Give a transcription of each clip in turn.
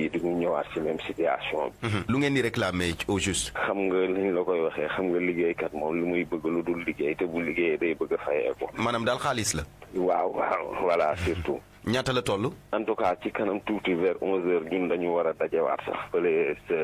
yi du ñëwaat ci même situation bi. Mhm. lu ngeen di réclamer au juste. xam nga liñ la koy waxee xam nga liggéeykat moom lu muy bëgg lu dul liggéey te bu liggéeyee day bëgg a ko. maanaam daal xaalis la. waaw waaw voilà mhm. surtout. ñaata la toll. en tout cas ci kanam tuuti vers onze heures ñun dañu war a dajewaat sax. fële sa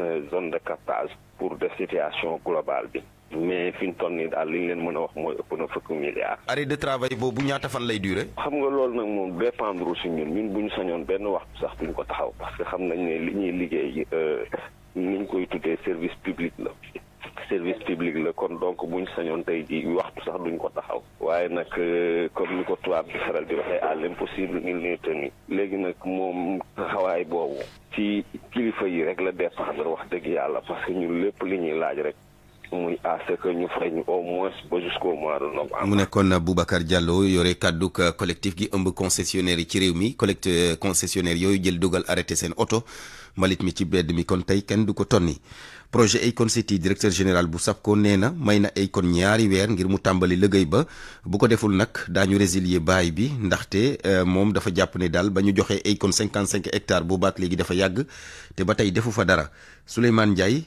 euh, zone de captage pour def situation globale bi. mais fi ñu toll nii daal li ñu leen mën a wax mooy ëpp na fukki milliards. arrêt de travail boobu ñaata fan lay durer. xam nga loolu nag moom dépendre si ñun ñun bu ñu sañoon benn waxtu sax duñ ko taxaw parce que xam nañ ne li ñuy liggéey euh, ni ñu koy tuddee service public la. service public la kon donc bu ñu sañoon tey ji waxtu sax duñ ko taxaw. waaye nag euh, comme ni ko tubaab bi faral di waxee à l'impossible nul n'est tenu. léegi nag moom taxawaay boobu. ci kilifa yi rek la dépendre wax dëgg yàlla parce que ñun lépp li ñuy laaj rek. muy à ce que ñu fay ñu yore kàddug collectif gi ëmb concessionnaire yi ci réew mi collecte euh, concessionnaire yooyu jël dogal arrêté seen oto mbalit mi ci bedd mi kon tey kenn du ko tonni projet Akon City directeur général bu SAPCO nee na may na Akon ñaari weer ngir mu tàmbali liggéey ba bu ko deful nag daañu résilier baay bi ndaxte euh, moom dafa jàpp ne daal ba ñu joxee Akon 55 hectares bu baat léegi dafa yàgg te ba tey defu fa dara. Souleymane Ndiaye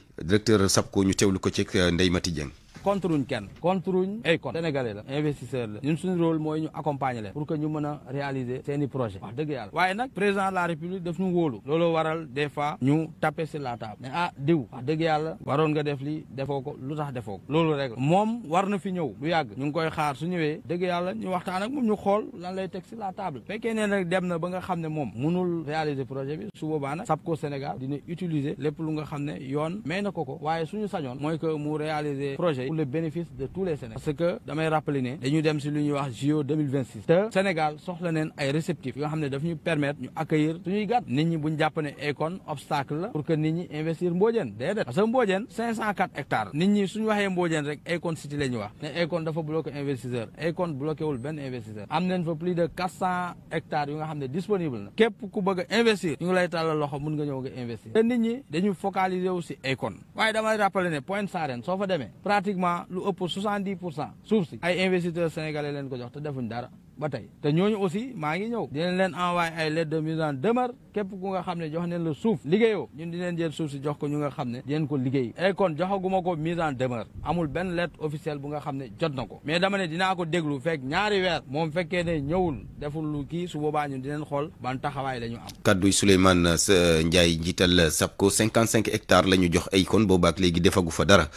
sab ko ñu teew lu ko ci euh, Ndeye Mati Dieng contre wuñ kenn contre wuñ ay kon sénégalais la investisseur la ñun suñu rôle mooy ñu accompagner leen pour que ñu mën a réaliser seen i projet wax dëgg yàlla waaye nag président de la république daf ñu wóolu looloo waral des fois ñu taper sur la table ne ah diw wax dëgg yàlla waroon nga def li defoo ko lu tax defoo ko loolu rek moom war na fi ñëw du yàgg ñu ngi koy xaar su ñëwee dëgg yàlla ñu waxtaan ak moom ñu xool lan lay teg si la table fekkee ne nag dem na ba nga xam ne moom mënul réaliser projet bi su boobaa nag SAPCO Sénégal dina utiliser lépp lu nga xam ne yoon may na ko ko waaye suñu sañoon mooy que mu réaliser projet tey pour le bénéfice de tous les Sénégalais parce que damay rappelé ne dañu dem si lu ñuy wax JO 2026 te Sénégal soxla neen ay réceptifs yoo xam ne daf ñu permettre ñu accueillir suñuy gàtt nit ñi buñ jàpp ne Akon obstacle la pour que nit ñi investir Mbodiène déedéet parce que Mbodiène 504 hectares suñu waxee Mbodiène rek Akon City ñu wax ne Akon dafa bloqué investisseur Akon bloqué benn investisseur am nañ fa plus de 400 hectares yu nga xam ne disponible na képp ku bëgg investir ñu ngi lay tàllal loxo mun nga ñëw nga investir te nit dañu focaliser wu si Akon waaye damay rappelé ne Pointe Sarène soo fa demee pratiquement lu ëpp soixante dix pour cent suuf si ay investisseurs sénégalais leen ko jox te defuñ dara ba tey te ñooñu aussi maa ngi ñëw dinañ leen envoyé ay lettre de mise en demar képp ku nga xam ne jox neen la suuf liggéeyoo ñun dinañ jël suuf si jox ko ñu nga xam ne dinañ ko liggéey et eh, kon joxaguma ko mise en demar amul benn lettre officielle bu nga xam ne jot na ko mais dama ne dinaa ko déglu fekk ñaari weer moom fekkee ne ñëwul deful lu kii su boobaa ñun dinañ xool ban taxawaay la ñu am kadduy Souleymane euh, Ndiaye njiital SAPCO cinquante cinq hectares la ñu jox ay kon boobaak léegi defagu fa dara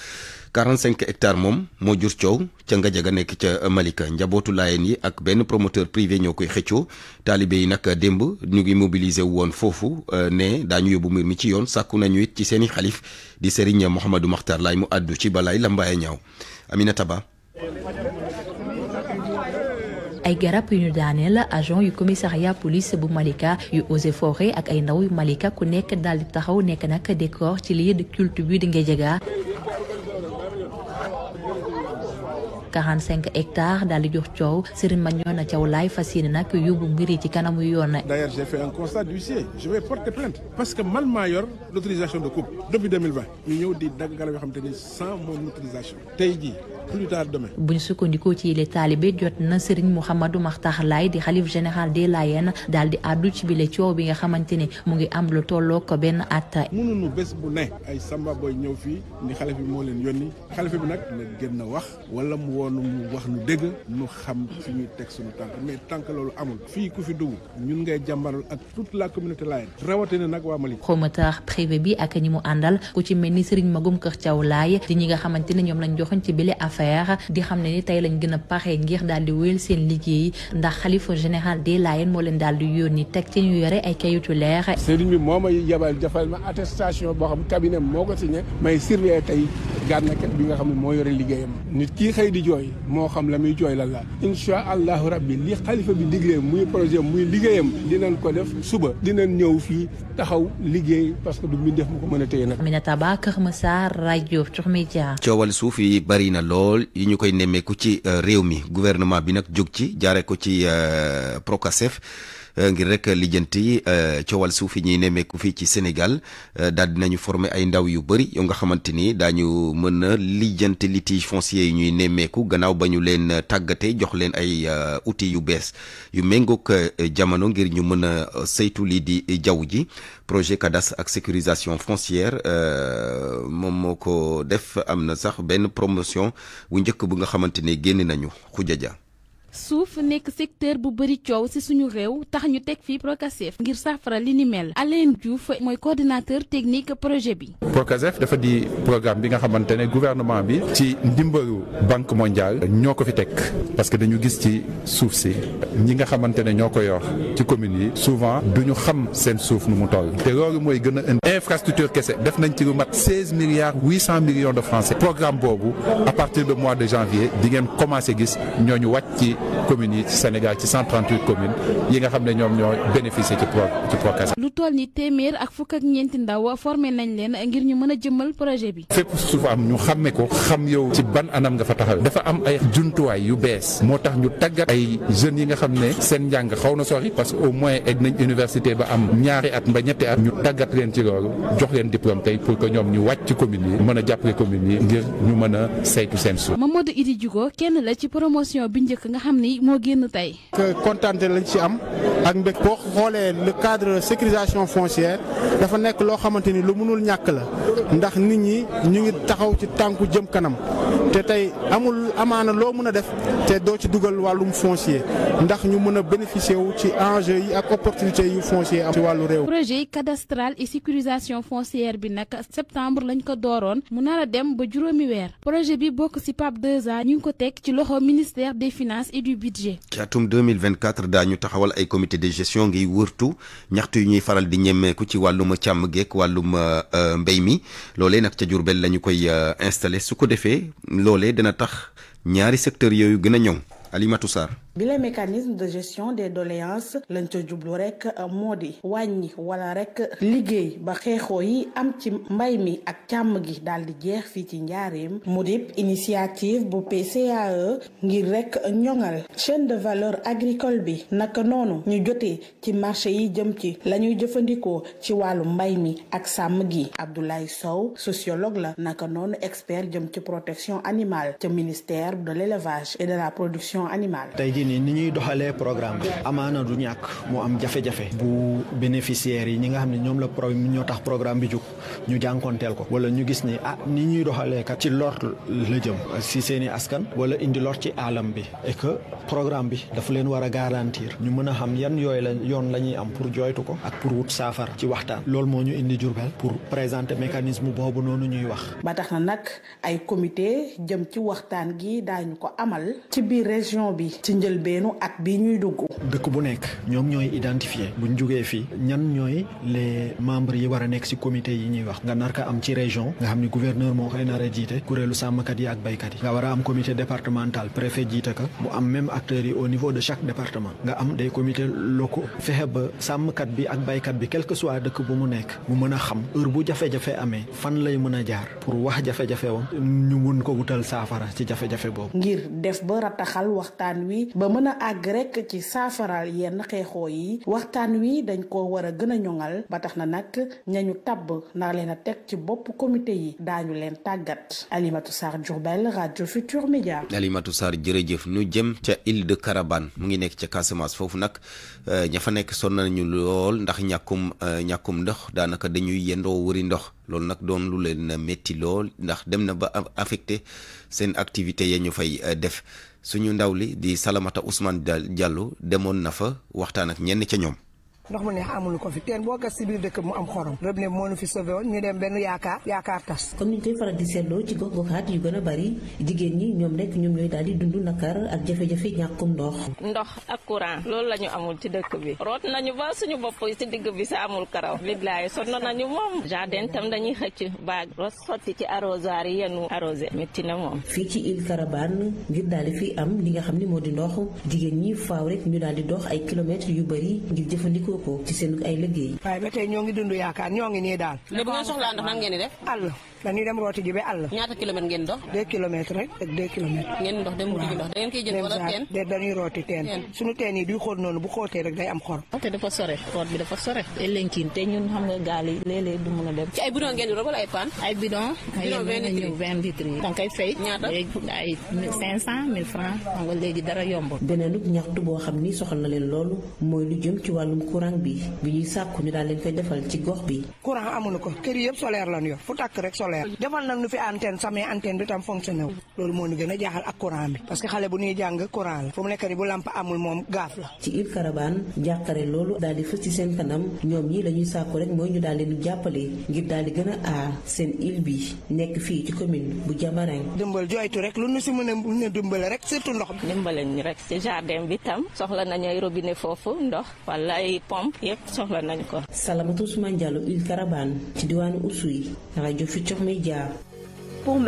cinq hectares moom moo jur coow ca nga Ngadiaga nekk ca Malika njabootu laayeen yi ak benn promoteur privé ñoo koy xëccoo taalibe yi nag démb ñu ngi mobilisé woon foofu euh, ne daañu yóbbu mbir mi ci yoon sàkku nañu it ci seen i xalif di Serigne Mouhamadou Makhtar Laay mu àddu ci balaay lambaaye ñaaw Aminata Ba ay garab yu ñu daaneel agent yu commissariat police bu Malika yu eaux et forêt ak ay ndaw yu Malika ku nekk daal di taxaw nekk nag décor ci lieu de culte bi di Ngadiaga 45 hectares daal di jox coow Serigne Magnona Thiaw laay fas yéene nag yóbbu mbir yi ci kanamu yoon. d'ailleurs j'ai fait un constat d'huissier je vais porter plainte parce que man maa yor l'autorisation de coupe depuis 2020 ñu ñëw di dagg garab yoo xam te ni sans mon autorisation tey jii plus tard demain. bu ñu sukkandikoo ci yile taalibe jot na Serigne Mouhamadou Makhtar Laye di xalif général des Layènes daal di àddu ci bile coow bi nga xamante ne mu ngi am lu tolloo ko benn at. mënuñu bés bu ne ay samba booy ni xalifa bi moo leen yónni xalifa bi a wax woonu mu wax nu dëgg nu xam fi ñuy teg suñu tànk mais tànk loolu amul fii ku fi dugg ñun ngay jàmbaral ak toute la communauté laayeen rawatina nag waa Mali promoteur privé bi ak ñi mu àndal ku ci mel ni Serigne Magum Kër Thiaw Laay di ñi nga xamante ne ñoom lañ joxoñ ci bile affaire di xam ne ni tey lañ gën a pare ngir daal di wéyal seen liggéey ndax xalifa général des laayeen moo leen daal di yónni teg ci ñu yore ay kayitu leer Serigne bi moo may yabal jafal ma attestation boo xam cabinet moo ko signé may surveiller tey gànnakat bi nga xam ne moo yore liggéeyam jooy moo xam la muy jooy lan la incha allahu rabbi li xalifa bi diglee muy projet muy liggéeyam dinañ ko def suba dina ñëw fii taxaw liggéey parce que du mi def mu ko mën a téye nag. Aminata Ba Kër Massar rajo Futurs Médias. coowal suuf yi bari na lool yi ñu koy nemmeeku ci euh, réew mi guvernement bi nag jóg ci jaare ko ci euh, Procasef. Euh, ngir rek lijjanti euh, cowal suuf yi ñuy nemmeeku fii ci Sénégal euh, daal dinañu former ay ndaw yu bëri yoo nga xamante ni daañu mën a lijjanti litige foncier yi ñuy nemmeeku gannaaw ba ñu leen tàggatee jox leen ay outils yu bees yu méngoog jamono ngir ñu mën a saytu lii di jaww ji projet cadastre ak sécurisation foncière moom moo ko def am na sax benn promotion bu njëkk bu nga xamante ni génn nañu xujaja suuf nekk secteur bu bëri coow ci suñu réew tax ñu teg fii Procasef ngir saafara li ni mel Alain Diouf mooy coordinateur technique projet bi. Procasef dafa di programme bi nga xamante ne gouvernement bi ci ndimbalu banque mondiale ñoo ko fi teg parce que dañu gis ci suuf si ñi nga xamante ne ñoo ko yor ci commune yi souvent duñu xam seen suuf nu mu toll te loolu mooy gën a infrastructure kese def nañ ci lu mat seize milliards huit cent millions de francs programme boobu à de mois de janvier di ngeen commencé gis ñooñu wàcc ci communes yi ci Sénégal ci 138 communes yi nga xam ne ñoom ñoo bénéficier ci pro ci PROCAS. lu toll ni téeméer ak fukk ak ñeenti ndaw formé nañ leen ngir ñu mën a jëmmal projet bi. fépp suuf am ñu xàmme ko xam yow ci ban anam nga fa taxawee dafa am ay jumtuwaay yu bees moo tax ñu tàggat ay jeunes yi nga xam ne seen njàng xaw na sori parce que au moins egg nañ université ba am ñaari at mba ñetti at ñu tàggat leen ci loolu jox leen diplôme tey pour que ñoom ñu wàcc communes yi mën a jàppale communes seen suuf. xam ni moo génn tey. kontaante lañ ci am ak mbég boo xoolee le cadre sécurisation foncière dafa nekk loo xamante ni lu mënul ñàkk la ndax nit ñi ñu ngi taxaw ci tànku jëm kanam te tey amul amaana loo mën a def te doo ci dugal wàllum foncier ndax ñu mën a bénéficier wu ci enjeu yi ak opportunité yu foncier am ci wàllu réew. projet cadastral et sécurisation foncière bi nag septembre lañ ko dooroon mu nar a dem ba juróomi weer projet bi bokk ci PAP 2 ko teg ci loxo ministère des finances. et du budget. ci atum 2024 daañu taxawal ay comité de gestion ngiy wërtu ñaxtu yu ñuy faral di ñemmeeku ci wàllum càmm geek wàllum euh, euh, mbéy mi loolee nag ca Jurbel la ñu koy euh, installé su ko defee loolee dana tax ñaari secteur yooyu gën a ñoŋ Alimatu Sarr bi mécanisme de gestion des doléances lañ ca jublu rek euh, moo di wàññi wala rek liggéey ba xeexoo yi am ci mbay mi ak càmm gi daal di jeex fii ci njaareem mu di initiative bu PCAE ngir rek ñoŋal chaîne de valeur agricole bi naka noonu ñu jotee ci marché yi jëm ci la ñuy jëfandikoo ci wàllu mbay mi ak sàmm gi Abdoulaye Sow sociologue la naka noonu expert jëm ci protection animale ca ministère de l'élevage et de la production animale ni ni ñuy doxalee programme bi amaana du ñàkk mu am jafe-jafe bu bénéficiaires yi ñi nga xam ne ñoom la pro ñoo tax programme bi jóg ñu jànkonteel ko wala ñu gis ni ah ni ñuy doxalee kat ci lor la jëm si seen i askan wala indi lor ci alam bi et que programme bi dafa leen war a garantir ñu mën a xam yan yooyu la yoon la ñuy am pour jooytu ko ak pour wut saafara ci waxtaan loolu moo ñu indi Jurbel pour présenter mécanisme boobu noonu ñuy wax ba tax na njëlbeenu at bi ñuy dugg. dëkk bu nekk ñoom ñooy identifier buñ jugee fii ñan ñooy les membres yi war a nekk si comité yi ñuy wax nga nar ka am ci région nga xam ni gouverneur moo koy nar a jiite kuréelu sàmmkat yi ak baykat yi nga war a am comité départemental préfet jiite ka mu am même acteurs yi au niveau de chaque département nga am des comités locaux fexe ba sàmmkat bi ak baykat bi quel que dëkk bu mu nekk mu mën a xam heure bu jafe-jafe amee fan lay mën a jaar pour wax jafe ñu mun ko wutal saafara ci jafe boobu ngir ba mën a àgg rek ci saafaraal yenn xeexoo yi waxtaan wi dañ ko war a gën a ñoŋal ba tax na nag ñañu tàbb nar leen a teg ci bopp comité yi daañu leen tàggat Alimatou Sarr Diourbel Radio Futur Média. Alimatou Sarr jërëjëf ñu jëm ca île de Carabane mu ngi nekk ca Casamance foofu nag euh, ña fa nekk sonn ñu lool ndax ñàkkum euh, ñàkkum ndox daanaka dañuy yendoo wëri ndox. loolu nag doon lu leen metti lool ndax dem na ba affecté seen activité ya ñu fay euh, def suñu ndaw li di Salamata Ousmane Diallo demoon na fa waxtaan ak ñenn ca ñoom ndox mu neex amul ko fi teen boo gas si biir dëkk mu am xorom robinet moo nu fi sauvé ñu dem benn yaakaar yaakaar tas comme ni ñu koy faral di seetloo ci gox goxaat yu gën a bari jigéen ñi ñoom rek ñoom ñooy daal di dund nakar ak jafe-jafe ñàkkum ndox ndox ak loolu la ñu amul ci dëkk bi root nañu ba suñu bopp ci digg bi sa amul karaw billaay sonn nañu moom jardin tam dañuy xëcc baag ros sotti ci arrosoir yi yenu arrosé métti na moom fii ci île Carabane ngir daal di am li nga xam ni moo di ndox jigéen ñi faaw rek ñu daal di dox ay kilomètres yu bari ngir jëfandikoo jëfandikoo ko ci seen ay liggéey. waaye ba tey ñoo ngi dund yaakaar ñoo ngi nii daal. léegi bu ngeen soxlaa ndox nan ngeen dañuy dem rooti ji ba àll. ñaata kilomètre ngeen dox. deux kilomètres rek ak deux kilomètres. ngeen dox dem wuti ji ndox da ngeen koy jël wala teen. de dañuy rooti teen. suñu teen yi duy xóot noonu bu xóotee rek day am xor. Ah, te dafa sore root bi dafa sore. te lenkiin te ñun xam nga gaal yi léeg-léeg du mun a dem. ci ay bidon ngeen di rob wala ay paan. ay bidon. bidon vingt litres yi da nga koy fay. ñaata léegi ay cinq cent mille francs xam nga léegi dara yomb. beneen ñaxtu boo xam ni soxal na leen loolu mooy lu jëm ci wàllum courant bi bi ñuy sàkku ñu daal leen koy defal ci gox bi. courant amuñu ko kër yëpp solaire lañu yor fu tàkk rek solaire defal nag nu fi antenne samay antenne bi tam fonctionné wu loolu moo ñu gën a jaaxal ak courant bi parce que xale bu ñuy jàng courant la fu mu nekk ni bu lamp amul moom gaaf la ci Île Carabane jàqare daal di fës ci seen kanam ñoom ñi la ñuy sàkku rek mooy ñu daal leen jàppale ngir daal di gën a aar seen île bi nekk fii ci commune bu Diamarang rek lu nu si mën a mën a dimbale rek surtout foofu ndox wala ay pompe yëpp soxla nañ ko Salamatu Ousmane Diallo Île Carabane ci diwaanu Oussouye rajo Futur Futurs Médias. pour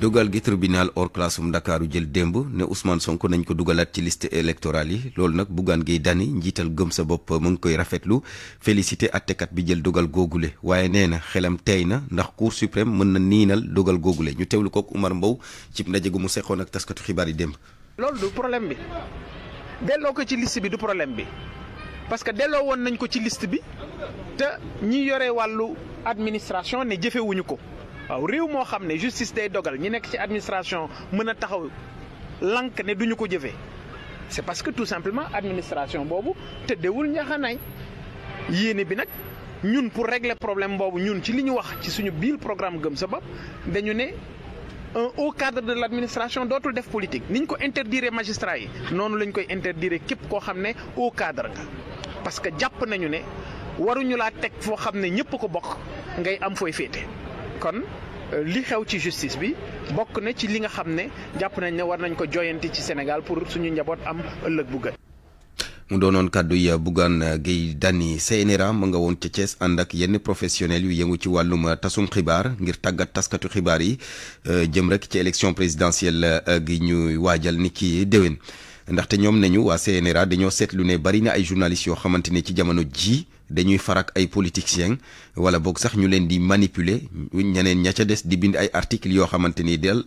dogal gi tribunal hors classum Ndakaaru jël démb ne Ousmane sonk nañ ko dugalaat ci list électorale yi loolu nag Bougane gi Dany njiital gëm sa bopp mu ngi koy rafetlu félicité attekat bi jël dogal googule waaye nee na xelam tey na ndax cour suprême mën na niinal dogal googule ñu teewlu kook Umar Mbow cib ndaje gu mu seqoon ak taskatu xibaar yi démb. loolu du problème bi delloo ko ci liste bi du problème bi. parce que delloo woon nañ ko ci liste bi te ñi yore wàllu administration ne jëfewuñu ko waaw réew moo xam ne justice day dogal ñi nekk ci administration mën a taxaw lank ne duñu ko jëfe c'est parce que tout simplement administration boobu tëddewul njaxanaay yéene bi nag ñun pour régler problème boobu ñun ci li ñu wax ci suñu biir programme gëm sa dañu ne en haut cadre de l' administration dootul def politique niñ ko interdire magistrat yi noonu lañ koy interdire képp koo xam ne haut cadre nga parce que jàpp nañu ne waruñu laa teg foo xam ne ñëpp ko bokk ngay am fooy féete kon euh, li xew ci justice bi bokk na ci li nga xam ne jàpp nañ ne war nañ ko joyanti ci Sénégal pour suñu njaboot am ëllëg bu gën mu doonoon kàddu ya Bougane Gueye Dany CNRA mu nga woon ca Thiès ànd ak yenn professionnel yu yëngu ci wàllum tasum xibaar ngir tàggat taskatu xibaar yi euh, jëm rek ci élection présidentielle euh, gi ñuy waajal ni ki déwén ndaxte ñoom nañu waa CNRA dañoo seetlu ne bari na ay journalistes yoo xamante ne ci jamono jii dañuy farak ay politiciens wala boog sax ñu leen di manipuler ñeneen ña ca des di bind ay articles yoo xamante ni del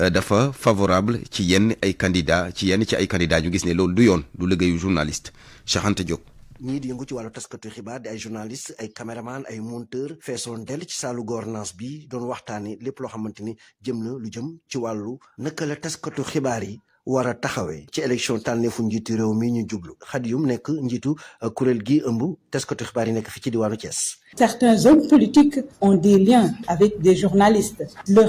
euh, dafa favorable ci yenn ay candidats ci yenn ci ay candidats ñu gis ne loolu du yoon du liggéeyu journaliste Cheikh jóg Diop. ñii di yëngu ci wàllu taskatu xibaar di ay journaliste ay caméraman ay monteur feesoon dell ci saalu gouvernance bi doon waxtaani lépp loo xamante ni jëm na lu jëm ci wàllu naka la taskatu xibaar yi war a taxawee ci élection tànneefu njiitu réew mi ñu jublu Khadioum nekk njiitu euh, kuréel gi ëmb taskatu xibaar yi nekk fii ci diwaanu Thiès. Certains hommes politiques ont des liens avec des journalistes. Le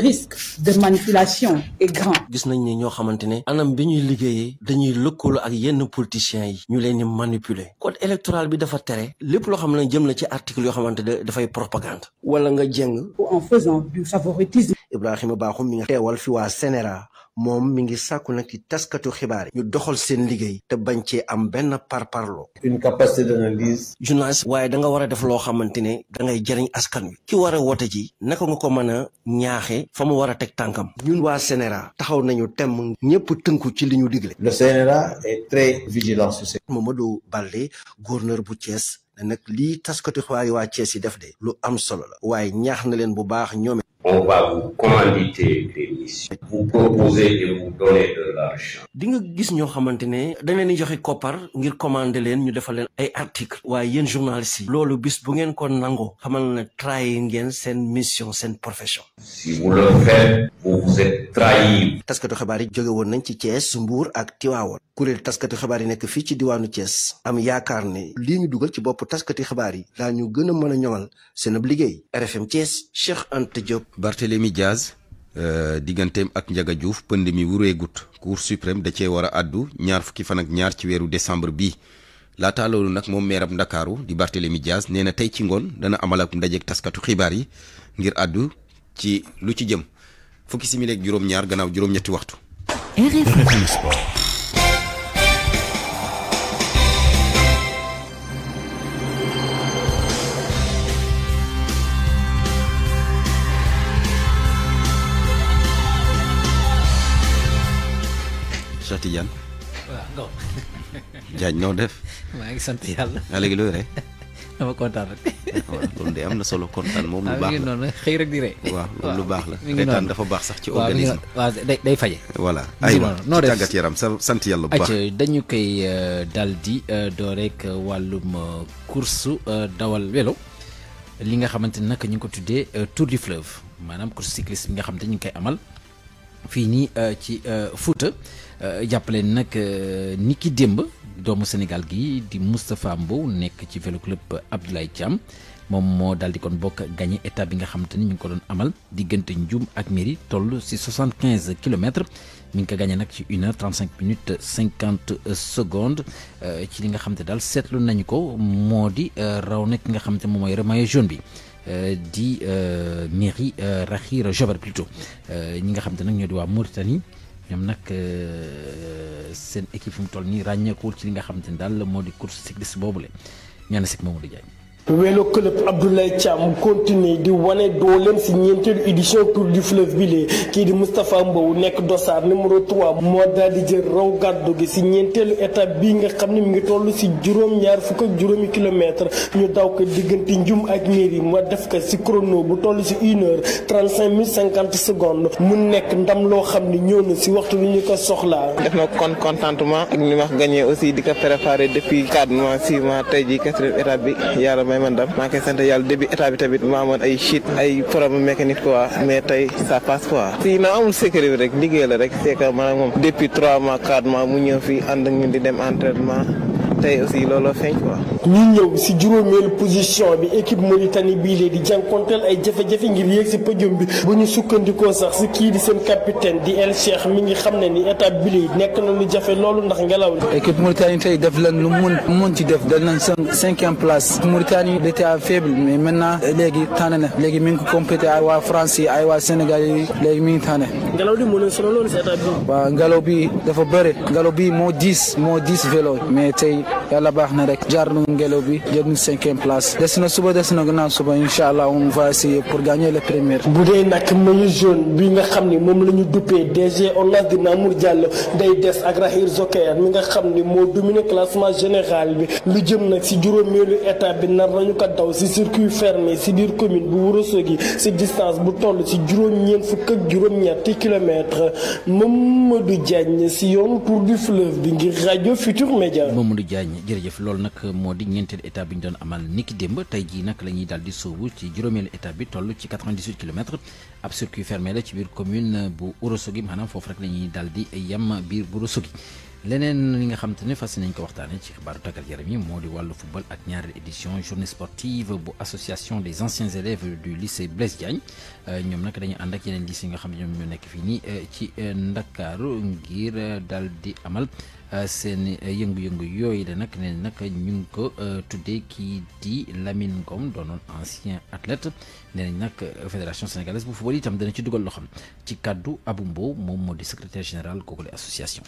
grand. gis nañ ne ñoo xamante ne anam bi ñuy liggéeyee dañuy lëkkaloo ak yenn politiciens yi ñu leen di manipuler code électoral bi dafa tere lépp loo xam ne jëm na ci article yoo xamante ne dafay propagande wala nga jëng en faisant du favoritisme Ibrahima Bakhoum mi nga teewal fi waa CNRA moom mi ngi sàkku nag ci taskatu xibaar yi. ñu doxal seen liggéey. te bañ cee am benn parparloo. une capacité d'analyse. journaliste waaye da nga war a def loo xamante ne da ngay jëriñ askan wi. ki war a woote ji naka nga ko mën a ñaaxee fa mu war a teg tànkam. ñun waa CNRA taxaw nañu temm ñëpp tënku ci li ñu digle. le CNRA est très vigilant sur ce. Mamadou Balde gouverneur bu Thiès ne nag lii taskatu xibaar yi waa Thiès yi def de lu am solo la. waaye ñaax na leen bu baax ñoom. mission di nga gis ñoo xamante ne dañ leen di joxe koppar ngir commander leen ñu defal leen ay article waaye yéen journalistes yi loolu bis bu ngeen ko nangoo xamal na trahir ngeen seen mission seen profession si vous le faites vous vous êtes yi jóge woon nañ ci Thiès Mbour ak Tiwaawoon kuréel taskatu xabaar yi nekk fii ci diwaanu Thiès am yaakaar ne lii ñu dugal ci bopp taskati xibaar yi laa ñu gën mën a ñoŋal seen ab liggéey RFM Thiès Cheikh Anta Diop Barthélémy Euh, digganteem ak Ndiaga Diouf pënd mi wureegut cour suprême da cee war a àddu ñaar fukki fan ak ñaar ci weeru décembre bi laataa loolu nag moom meerab ndakaaru di Barthélemy Dias nee na tey ci ngoon dana amal ak ndajeek taskatu xibaar yi ngir àddu ci lu ci jëm fukki simili ak juróom-ñaar gannaaw juróom-ñetti waxtu. Diagne noo def. maa ngi sant yàlla. nga léegi looy rey. dama kontaan rek. loolu de am na solo kontaan moom lu ah, baax la noonu xëy rek di rey. waaw loolu lu baax la. reetaan dafa baax sax ci organisme. waaw day day faje. voilà aywa noo def yaram sa sant yàlla bu baax. dañu koy euh, daal di euh, doo rek euh, wàllum course dawal welo li nga xamante ni nag ñu ngi ko tuddee Tour du Fleuve maanaam course cycliste bi nga xamante ñu ngi koy amal. fii nii euh, ci euh, Fouta euh, jàppale nag ni ki démb doomu Sénégal gi di Moustapha Mbow nekk ci vélo club Abdoulaye Thiam moom moo daal di kon bokk gagné étape bi nga xamante ni ñu ngi ko doon amal diggante Ndioum ak Méri toll si 75 kilomètres mi ngi ko gagné nag ci une heure 35 minutes 50 secondes ci li nga xamante daal seetlu nañu ko moo di raw nag ki nga xamante moom mooy maillot jaune bi. Euh, di euh, Miri euh, Rakhir Jabar plutôt ñi nga xam te nag ñoo di waa Mauritanie ñoom nag seen équipe fi mu toll nii ràññeekuwul ci li nga xam te ne daal moo di course cycliste boobule ñaan sik Mamadou Diagne welo club Abdoulaye Thiam continuer di wane dooleem si ñeenteelu édition Tour du fleuve bi lee kii di Moustapha Mbow nekk dossard numéro 3 moo daal di jël raw gàddu gi si ñeenteelu état bi nga xam ne mu ngi toll si juróom-ñaar fukk ak juróomi kilomètre ñu daw ko diggante njum ak mairie ma def ko si chrono bu toll si une heure trente cinquante secondes mu nekk ndam loo xam ni ñëw na si waxtu li ñu ko soxlaa. def na kon contentement ak li ma wax gagné aussi di ko préparé depuis 4 mois 6 mois tey jii quatrième étape bi may man maa ngi koy sant yàlla début état maa amoon ay chute ay problème mécanique quoi mais tey ça passe quoi si na amul sécurité bi rek liggéey la rek c'est que maanaam moom depuis trois mois quatre mois mu ñëw fii ànd ak di dem entraînement tey aussi looloo feeñ quoi. ñu ñëw si juróomeelu position bi équipe bii lee di jànkonteel jafe-jafe ngir yéeg si podium bi bu ñu sukkandikoo sax si kii di seen capitaine di El Cheikh mi ngi xam ne ni étape bi nekk na lu jafe loolu ndax ngelaw li. équipe Mauritanie tey def lan lu mun mun ci def dal nañ seen cinquième place Mauritanie était faible mais maintenant euh, léegi tànn na léegi mi ngi ko complété ay waa France yi ay waa Sénégal yi léegi mi ngi tànn. ngelaw li moo si étape bi. waaw ngelaw bi dafa bi moo diis moo diis tey yàlla baax na rek jaar nu ngelaw bi jël nu cinquième place des na suba des na gannaaw suba incha allah on va essayer pour gagner le premier. bu dee nag mayu jaune bi nga xam ni moom la ñu duppee DG ONAS di Mamour Diallo day des ak Rahir Zoker mi nga xam ni moo dominé classement général bi lu jëm nag si juróomeelu étape bi nar nañu ko daw si circuit fermé si biir commune bu Ourossogui si distance bu toll si juróom-ñeent fukk juróom-ñetti kilomètres Mamadou Diagne si yoonu Diagne jërëjëf loolu nag moo di ñeenteelu étape bi ñu doon amal niki démb tey jii nag lañuy ñuy daal di sóobu ci juróomeelu état bi toll ci 98 kilomètres ab circuit fermé la ci biir commune bu Ourossogui maanaam foofu rek la ñuy daal di yem biir bu Ourossogui leneen li nga xam te ne fas nañ ko waxtaanee ci xibaaru tàggat yaram yi moo di wàllu football ak ñaari édition journée sportive bu association des anciens élèves du lycée Blaise Diagne euh, ñoom nag dañu ànd ak yeneen lycée yi nga xam ne ñoom ñoo nekk fii nii euh, ci euh, Ndakaaru ngir daal di amal. Euh, seen euh, yëngu-yëngu yooyu la nag nee nag ñu ngi ko euh, tuddee kii di Lamine Ngom doonoon ancien athlète nee nañ nag fédération sénégalaise bu football itam dana ci dugal loxam ci kàddu abu Mbow moom moo di secrétaire général googule association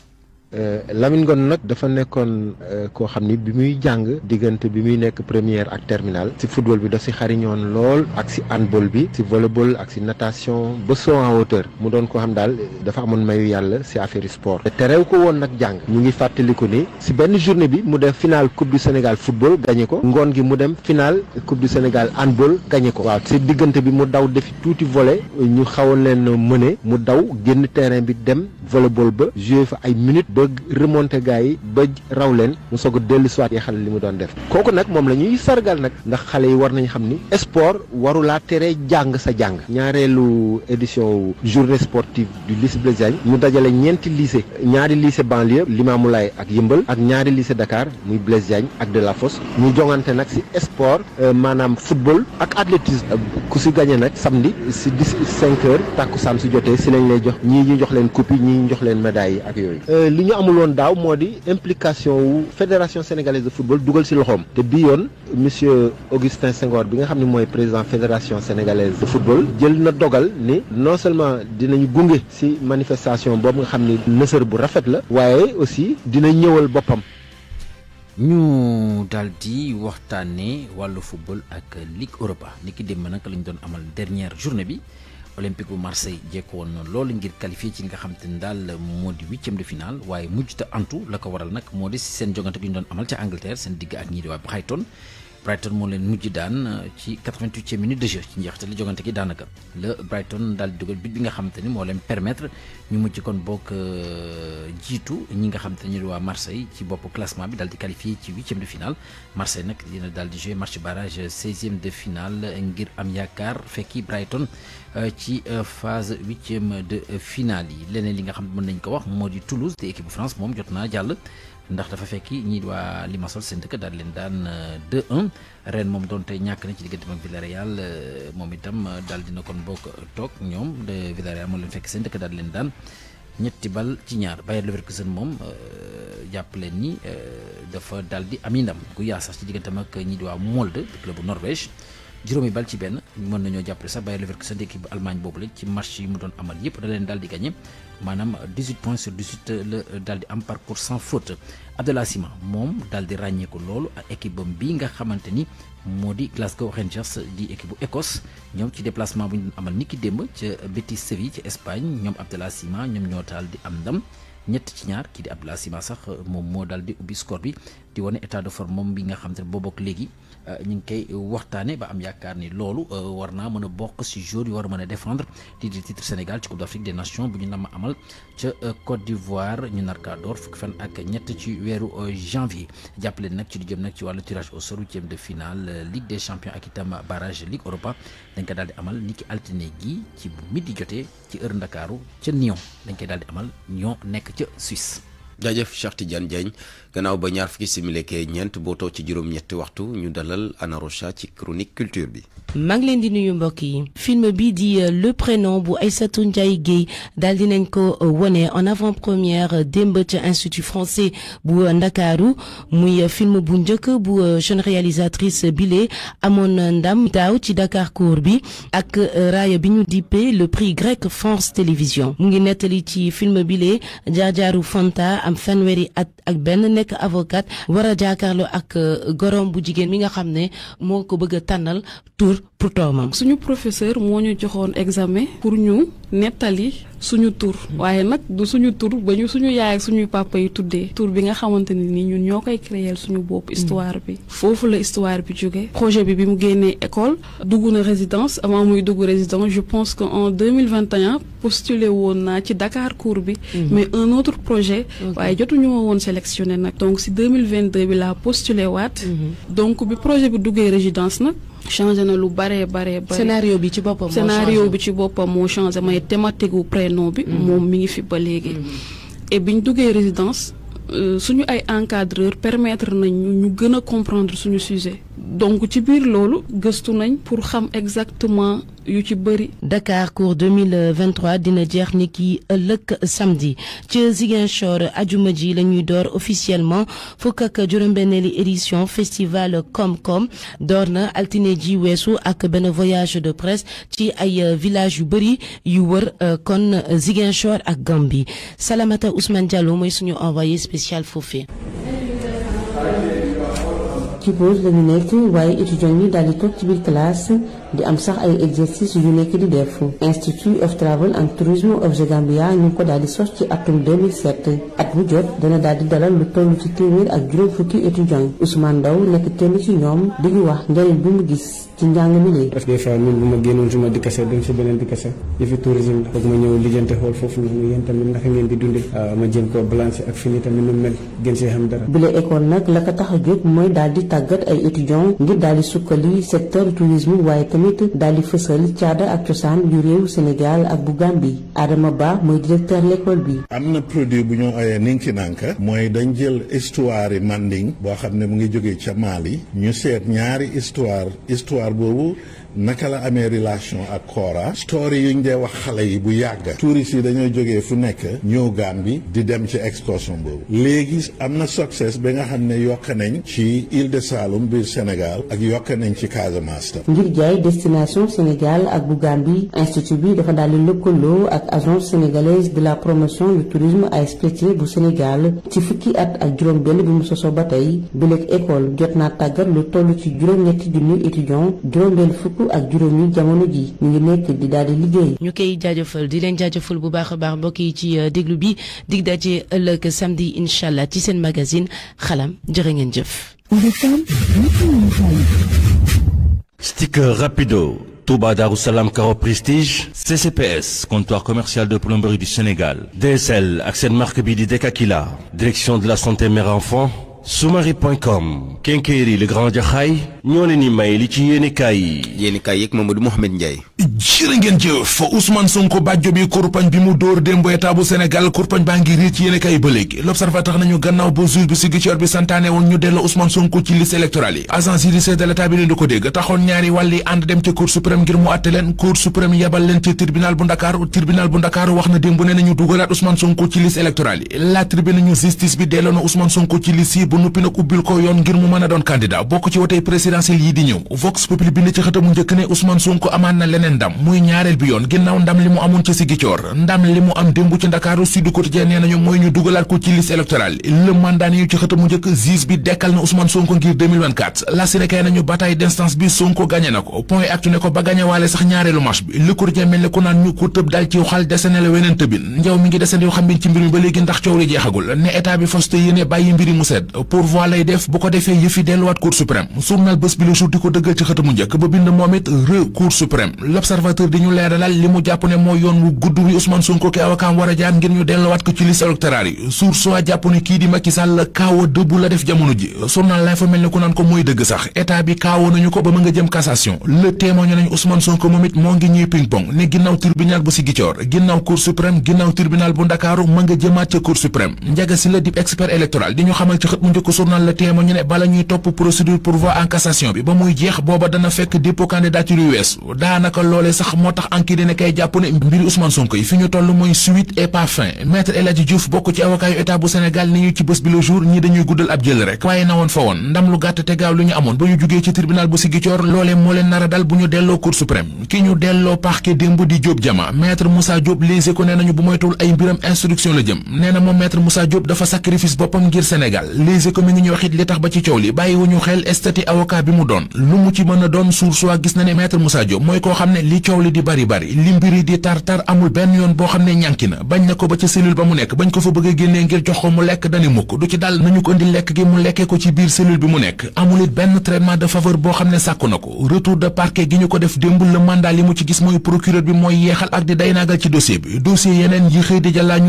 Euh, Lamine Ngom nag dafa nekkoon euh, koo xam ni bi muy jàng diggante bi muy nekk première ak terminal si football bi daf si xariñoon lool ak si handball bi si volleyball ak si natation ba saut en hauteur mu doon koo xam daal dafa amoon mayu yàlla si affaire sport te rew ko woon nag jàng ñu ngi fàttaliku ni si benn journée bi mu def final coupe du Sénégal football gagné ko ngoon gi mu dem final coupe du Sénégal handball gañe ko waaw si diggante bi mu daw defi tuuti volet ñu xawoon leen mëne mu daw génn terrain bi dem volleyball ba joué ay minutes ba remonté gars yi ba raw leen mu soog a dellu siwaat yi xale li mu doon def kooku nag moom la ñuy sargal nag ndax xale yi war nañu xam ni sport warulaa tere jàng sa jàng ñaareelu édition journée sportive du lycée Blaise Diagne mu dajale ñeenti lycée ñaari lycée banlieue Limamoulaye ak Yëmbal ak ñaari lycée Dakar muy Blaise Diagne ak de la Fosse ñu jongante nag si sport euh, maanaam football ak athlétisme ku si gagné nag samedi si dix cinq heures tàkkusaan si jotee si lañ lay jox ñii ñu jox leen coupe ñu jox leen médaille yi ak yooyu euh, ñu amuloon daaw moo di implication wu fédération sénégalaise de football dugal ci loxoom te bii yoon monsieur Augustin Senghor bi nga xam ne mooy président fédération sénégalaise de football jël na dogal ni non seulement dinañu gunge ci manifestation boobu nga xam ni nësër bu rafet la waaye aussi dina ñëwal boppam. ñu daal di ni wàllu football ak Ligue Europa niki démb nag lañu doon amal dernière journée bi. olympique bu Marseille jekk woon noonu loolu ngir qualifié ci li nga xam te ne daal moo di huitième de finale waaye mujj te antu la ko waral nag moo di seen jogante gi ñu doon amal ca Angleterre seen digg ak ñii di waa Brighton Brighton moo leen mujj daan euh, ci 88e minute de jeu ci njeexitali jogante gi daanaka la Brighton daal di dugal bit bi nga xamante ni moo leen permetre ñu mujj kon bokk euh, jiitu ñi nga xamante ni waa Marseille ci bopp classement bi daal di qualifié ci huitième de finale Marseille nag dina daal di jouer match barage seizième de finale ngir am yaakaar fekki Brighton euh, ci phase huitième de finale yi leneen li nga xam ne mën nañ ko wax moo di Toulouse te équipe bu France moom jot naa jàll. ndax dafa fekki ñii waa Limassol seen dëkk daal leen daan 2-1 euh, ren moom donte ñàkk na ci digganteem ak Villarreal euh, moom itam euh, daal dina kon bokk toog ñoom de Villarreal moom leen fekk seen dëkk daal leen daan ñetti bal ci ñaar Bayer seen moom jàpp leen ni dafa dal di am i ndam gu yaa sax ci digganteem mag ñii waa Molde club bu Norvège. juróomi bal ci benn mën nañoo jàppale sax Bayer Leverkusen di équipe Allemagne boobu la ci match yi mu doon amal yëpp da leen daal di gagné maanaam 18 points sur 18 la daal di am parcours sans faute Abdallah moom daal di ràññeeku loolu ak équipe bam bii nga xamante ni moo di Glasgow Rangers di équipe bu Écosse ñoom ci déplacement bu ñu doon amal niki démb ca Betis Séville ci Espagne ñoom Abdallah Sima ñoom ñoo daal di am ndam. ñett ci ñaar kii di Abdallah Sima sax moom moo daal di ubbi score bi di wane état de forme moom bi nga xam te ne boo bokk léegi Euh, ñu ngi koy waxtaane ba am yaakaar ni loolu euh, war naa mën a bokk si jour yu war a mën a défendre lii Sénégal ci Coupe d'Afrique des Nations bu ñu amal ca euh, Côte d'Ivoire ñu narkaa door fukki fan ak ñett ci weeru janvier jàppale nag ci lu jëm nag ci wàllu tirage au sort huitième de finale Ligue des champions ak itam barrage Ligue Europa dañ ko daal di amal ni ki altine gi ci bu di jotee ci heure Ndakaaru ca Nyon dañ koy daal di amal ñoo nekk ca Suisse jaajëf Cheikh Tidiane Diagne gannaaw ba ñaar fukki simili kee ñeent bootoo ci juróom-ñetti waxtu ñu dalal Anna Rocha ci chronique culture bi. maa ngi leen di nuyu mbokk yi film bi di euh, le prénom bu Aïssatou Ndiaye Guèye daal di nañ ko euh, wone en avant première euh, démb ca institut français bu Ndakaaru muy film bu njëkk bu jeune réalisatrice bile amoon ndam daaw ci Dakar Court bi ak raaya bi ñu dippee le prix grec France Télévision mu ngi nettali ci film bile jaarjaaru am fanweeri at ak benn nekk avocat war a jaakaarloo ak euh, gorom bu jigéen mi nga xam ne moo ko bëgg a tànnal tur pour doomam. suñu professeur moo ñu joxoon examen pour ñu nettali suñu tur waaye nag suñu tur ba ñu suñu yaay ak suñuy papa yi tuddee tur bi nga xamante ne ni ñun ñoo koy créer suñu bopp mm. histoire bi foofu la histoire bi jóge projet bi bi mu génnee école dugg na résidence avant muy dugg résidence je pense que en 2021 postulé woon naa ci Dakar cours bi mm-hmm. mais un autre projet waaye jotuñu ma woon sélectionné nag donc si 2022 bi laa postulé waat mm-hmm. donc bi projet bi duggee résidence nag changé na lu bare bare bare. scénario bi ci boppam moo scénario bi ci boppam moo changé may thématique gu prénom bi. Mm-hmm. moom mi ngi fi ba léegi. Mm-hmm. et bi ñu duggee résidence euh, suñu ay encadreur permettre nañ ñu gën a comprendre suñu sujet. donc ci biir loolu gëstu nañ pour xam exactement yu ci bëri. Dakar Cours 2023 dina jeex ni ki ëllëg samedi ci Ziguinchor ajuma ji lañuy door officiellement fukk ak juróom-benneeli édition festival Kom-Kom door na altine ji weesu ak benn voyage de presse ci ay village yu bëri yu wër euh, kon Ziguinchor ak Gambie Salamata Ousmane Diallo mooy suñu envoyé spécial foofee. ci pause lañu nekk waaye étudiants yi daal di toog biir classe di am sax ay exercice yu nekk di def Institute of Travel and Tourism of the ñu ko daal di sos ci atum 2007 at bu jot dana daal di dalal lu toll ci téeméer ak juróom fukki étudiants Ousmane Ndaw nekk kenn ci ñoom di wax njëriñ bi mu gis ci njàng mi léegi. parce que des ñëw lijjante xool foofu noonu yéen tamit naka ngeen di dundee. Ah, ma jéem koo balancer ak fini tamit nu mel gën see xam dara. bile école nag la ko tax a mooy daal tàggat ay étudiants tamit daal di fësal caada ak cosaan yu réew Sénégal ak bu Gambie Adama Ba mooy directeur l'école bi. am na produit bu ñoo oyee ninkinanka mooy dañ jël histoire yi Manding boo xam ne mu ngi jógee ca Mali ñu seet ñaari histoire histoire boobu naka la amee relation ak Kora story yi ñu dee wax xale yi bu yàgg touristes yi dañoo jógee fu nekk ñëw Gambie di dem ci excursion boobu léegi am na succès ba nga xam ne yokk nañ ci Île de Saloum biir Sénégal ak yokk nañ ci Casamance tam ngir jaay destination Sénégal ak bu Gambie institut bi dafa daal di lëkkaloo ak agence sénégalaise de la promotion du tourisme ASPT bu Sénégal ci fukki at ak juróom benn bi mu sosoo ba tey bileeg école jot na tàggat lu toll ci juróom ak juróom yi jamono ji ñu ngi nekk di daal liggéey. ñu koy jaajëfal di leen jaajëfal bu baax a baax mbokk yi ci euh, déglu bi dig daje ëllëg samedi incha allah ci seen magasin xalam jërë ngeen jëf. sticker rapido Touba Darou Salam Caro Prestige CCPS comptoir commercial de plomberie du Sénégal DSL ak seen marque bi di Dekakila direction de la santé mère enfant sumari.com kenkeeri le grand jaxaay ñoo ne bi kurpañ bi mu dóor démb état bu kurpañ baa ngi riit yéenekaay ba léegi l'observateur nañu gannaaw ba juge bi Ziguinchor bi santaane woon ñu delloo Ousmane Sonko ci liste électorale yi agence judiciaire de l'état bi ko dégg taxoon ñaari wàll ànd dem ca cour suprême ngir mu àtte leen cour suprême yebal leen ci tribunal bu Ndakaaru tribunal bu Ndakaaru wax na démb ne nañu dugalaat Ousmane Sonko ci liste ba nuppi nag ubbil ko yoon ngir mu mën a doon candidat bokk ci wotey présidentielle yi di ñëw Vox Populi bind ci xëtamu njëkk ne Ousmane Sonko amaan na leneen ndam muy ñaareel bi yoon ginnaaw ndam li mu amoon ci Ziguinchor ndam li mu am démb ci Ndakaaru Sud Quotidien nee nañu mooy ñu dugalaat ko ci liste électorale le mandat ñu ci xëtamu njëkk juge bi dekkal na Ousmane Sonko ngir 2024 la nañu bataille d'instance bi Sonko gagné na ko point actu ndax coow li jeexagul ne état pourvoi lay def bu ko defee yëfi delluwaat cour suprême journal bés bi le jour di ko dëggal ci xëtamu njëkk ba bind moom it re cour suprême l' di ñu a delluwaat ko ci liste électorale yi sour jàpp ne kii di Macky Sall kaawa dëbb la def jamono ji journal lay fa mel ne ku naan ko mooy dëgg sax état bi kaawoo nañu ko ba ma nga jëm cassation le témoigné nañu Ousmane Sonko moom it moo ngi ñuy ping pong ne ginnaaw tribunal bu Ziguinchor ginnaaw bu njëkk journal la téema ñu ne bala ñuy topp procédure pourvoi en cassation bi ba muy jeex booba dana fekk dépôt candidature yu weesu daanaka loolee sax moo tax enquête ne kay jàpp ne mbiri Ousmane Sonko fi ñu toll mooy suite et pas fin maître El bokk ci avocat yu état ni ñu ci bés bi le jour ñi dañuy guddal ab jël rek waaye na woon fa woon ndam lu gàtt te gaaw lu ñu amoon ba ñu jugee ci tribunal bu Ziguinchor loolee moo leen nar a dal bu ñu delloo les économies mi ngi ñuy li tax ba ci coow li bàyyiwuñu xel statut avocat bi mu doon lu mu ci mën a doon suur soi gis na ne maître Moussa mooy koo xam ne li coow li di bari bari li mbiri di tar-tar amul benn yoon boo xam ne ñànki na bañ na ko ba ca cellule ba mu nekk bañ ko fa bëgg a génnee ngir jox ko mu lekk dane mukk du ci dal nañu ko indi lekk gi mu lekkee ko ci biir cellule bi mu nekk amul it benn traitement de faveur boo xam ne sàkku na ko retour de parquet gi ñu la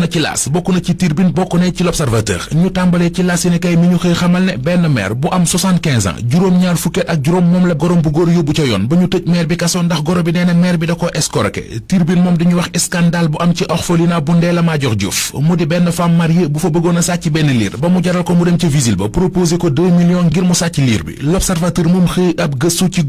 na ci laas bokk ne ci l'observateur ñu tàmbalee ci laas mi ñu xëy xamal ne benn maire bu am ans juróom-ñaar fukket ak juróom moom la gorom bu góor yóbbu ca yoon ba ñu tëj maire bi kaso ndax goro bi nee na maire bi da ko escroqué tribune moom dañuy wax scandale bu am ci orphelinat bu Ndella Madior Diouf mu di benn femme mariée bu fa bëggoon sàcc benn liir ba mu jaral ko mu dem ca visile ba proposé ko 2 ngir mu sàcc liir bi l'observateur moom xëy ab gëstu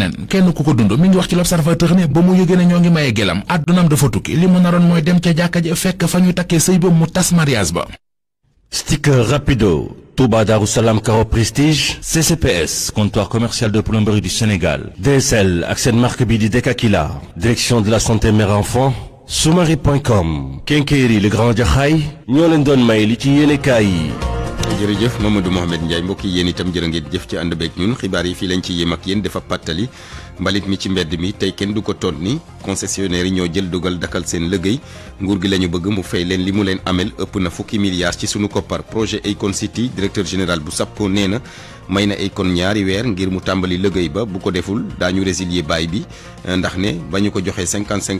leneen kenn ku ko dund mi ngi wax ci l'observateur ne ba mu yëgee ne ñoo ngi maye gelam àddunam dafa tukki li mu naroon mooy dem ca jàkka ji fekk fa ñu takkee sëy ba mu tas mariage ba sticker rapido Touba Darou Salam Caro Prestige CCPS comptoir commercial de plomberie du Sénégal DSL ak seen marque bi di Dekakila direction de la santé mère enfant sumari.com Kenkeri le grand jaxaay ñoo leen doon may li ci yéene kaay yi jërëjëf Mamadou Mohamed Ndiaye mbokk yi yéen itam jërë ngeen jëf ci ànd beeg ñun xibaar yi fii lañ ci yem ak yéen dafa pàttali mbalit mi ci mbedd mi tey kenn du ko toon ni concessionnaire yi ñoo jël dogal dakal seen liggéey nguur gi la ñu bëgg mu fay leen li mu leen amel ëpp na fukki milliards ci sunu koppar projet Akon City directeur général bu SAPCO nee na may na Akon ñaari weer ngir mu tàmbali liggéey ba bu ko deful daañu résilier baay bi ndax ne ba ñu ko joxee 55